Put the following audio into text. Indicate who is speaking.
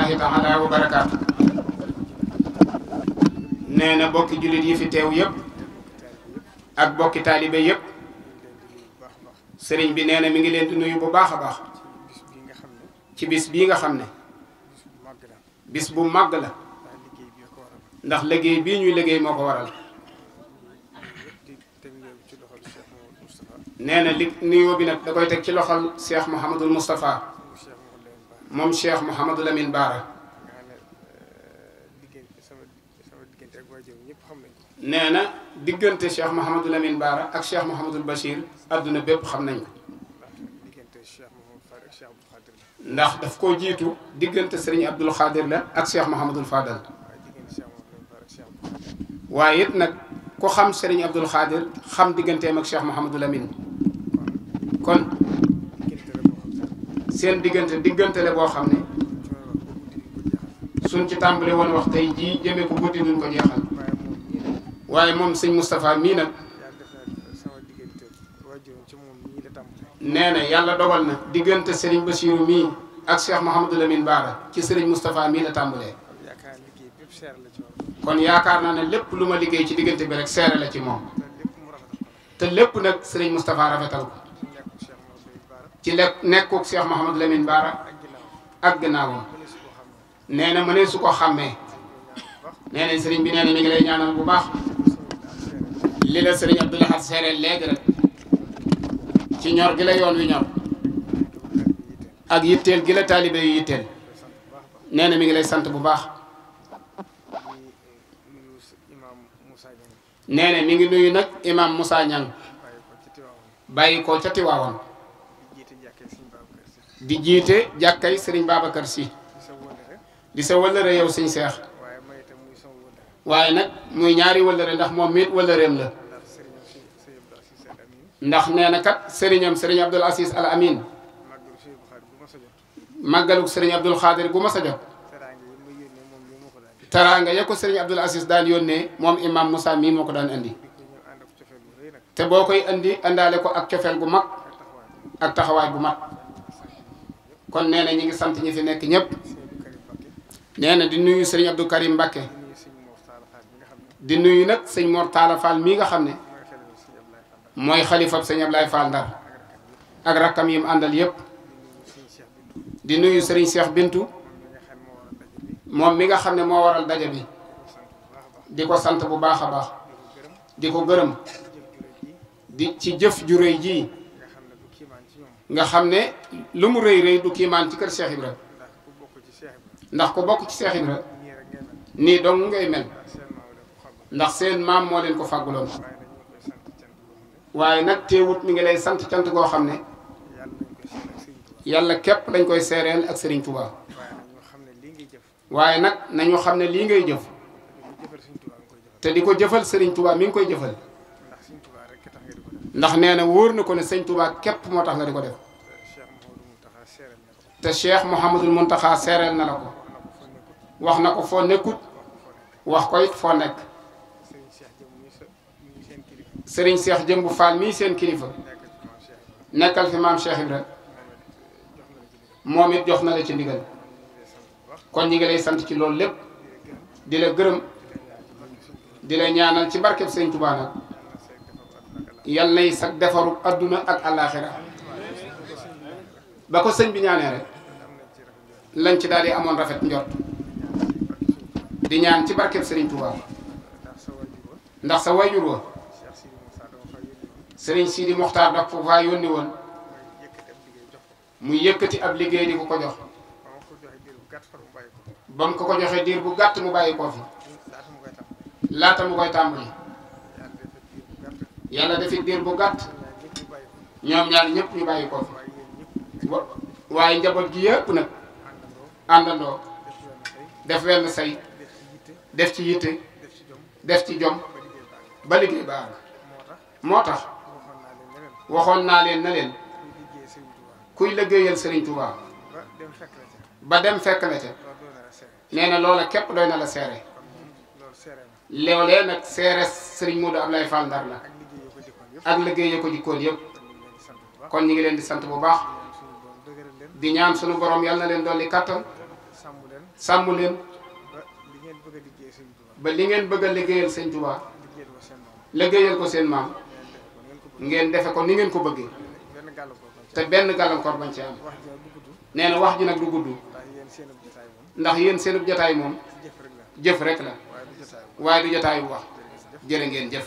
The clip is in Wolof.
Speaker 1: rahmatullahi taala wa barakaatu nee na bokki jullit yi fi teew yëpp ak bokki taalibe yépp sëriñ bi nee na mi ngi leen di nuyu bu baax a baax ci biis bii nga xam ne bis bu màgg la ndax liggéey bii ñuy liggéey moo ko waral nee na li nuyoo bi nag da koy teg ci loxol Cheikh Mouhamadul Moustapha moom Cheikh Mouhamadou Lamine Baara nee na diggante Cheikh Mouhamadou Lamine Baara ak Cheikh Mouhamadou Bachir àdduna bépp xam nañ ko ndax daf koo jiitu diggante sëriñ Abdul Xaadir la ak Cheikh Mouhamadou Fadal waaye it nag ku xam sëriñ Abdul Xaadir xam digganteem ak Cheikh Mouhamadou Lamine seen diggante diggante la boo xam ne suñ ci tàmbali woon wax tey jii jëmee ko guddi duñ ko jeexal waaye moom sëñ Moustapha mii nag nee na yàlla dogal na diggante Serigne Bassirou mii ak mu Mouhamadou Lamine Bara ci Serigne Moustapha mii la tàmbalee kon yaakaar naa ne lépp lu ma liggéey ci diggante bi rek seere la ci moom te lépp nag Serigne Moustapha rafetal ko. ci lekk nekkuk Cheikh Mouhamad Lamine Bara ak ginnaawam nee na mënee su ko xàmmee nee sëriñ bi nee na mi ngi lay ñaanal bu baax li la sëriñ Abdou Lahad seeree léegi rek ci ñor gi la yoon wi ñor ak yitteel gi la taalibe yitteel nee na mi ngi lay sant bu baax nee na mi ngi nuyu nag imam Moussa Niang bàyyi ko ca Tiwaawan di jiite jàkkay sëriñ Babacar Sy di sa wëllëre yow sëñ Seex waaye nag muy ñaari wëllëre ndax moom miit wëllëreem la ndax nee na kat sëriñam sëriñ Abdul Aziz Al Amin màggaluk sëriñ Abdul Xaadir gu ma sa jot taraanga ya ko sëriñ Abdul Aziz daan yónnee moom imam Moussa mii moo ko daan indi te boo koy indi àndaale ko ak cofeel gu mag ak taxawaay bu mag kon nee na ñi ngi sant ñi fi nekk ñëpp nee na di nuyu sëriñ Abdou Karim Mbakke di nuyu nag sëñ Mor Talla mii nga xam ne mooy xalifab sëñ lay Fall Ndar ak rakkam yi mu àndal yëpp di nuyu sëriñ Cheikh Bintu moom mi nga xam ne moo waral daje bi di ko sant bu baax a baax di ko gërëm di ci jëf ju jii nga xam ne lu mu rëy rëy du kiimaan ci kër Cheikh Ibra ndax ko bokk ci Cheikh Ibra nii dong ngay mel ndax seen maam moo leen ko fàgguloon waaye nag teewut mi ngi lay sant cant goo xam ne yàlla képp lañ koy seereel ak Serigne Touba waaye nag nañu xam ne lii ngay jëf te di ko jëfal Serigne Touba mi ngi koy jëfal ndax nee na wóor na ko ne sëñ Touba képp moo tax nga di ko def te Cheikh Mouhamadul Mountakha seereel na la ko wax na ko foo nekkut wax ko it foo nekk Serigne Cheikh Jëmbu Fall mii seen kilifa nekkal fi maam Cheikh Ibra moom it jox na la ci ndigal kon ñi ngi lay sant ci loolu lépp di la gërëm di la ñaanal ci barkeb sëñ Touba nag yal nay sag defaru àdduna ak àllaaxira ba ko sëñ bi ñaanee rek lañ ci daal di amoon rafet njort di ñaan ci barkeb Serigne Touba ndax sa wayjur wa Serigne Sidi Mokhtar daf ko faa yónni woon muy yëkkati ak liggéey di ko ko jox ba mu ko ko joxee diir bu gàtt mu bàyyi koo fi laata mu koy tàmbali. yàlla defi diir bu gàtt ñoom ñaar ñëpp ñu bàyyi ko fi waaye njaboot gi yëpp nag àndandoo def wenn say def ci yitte def ci jom ba liggéey ba àgg moo tax waxoon naa leen na leen kuy liggéeyal Serigne Touba ba dem fekk la ca nee na loola képp doy na la seere loolee nag seere Serigne Modou Ablaye Fall Ndar la ak liggéey ya ko jikkoon yëpp kon ñu ngi leen di sant bu baax di ñaan sunu borom yal na leen dolli kàttan sàmm leen ba li ngeen bëgg a liggéeyal sëñ Tuubaa liggéeyal ko seen maam ngeen defe ko ni ngeen ko bëggee te benn gàllankoor bañ ci am nee na wax ji nag du gudd ndax yéen seenub jataay moom jëf rek la waaye du jataay bu wax jërë ngeen jëf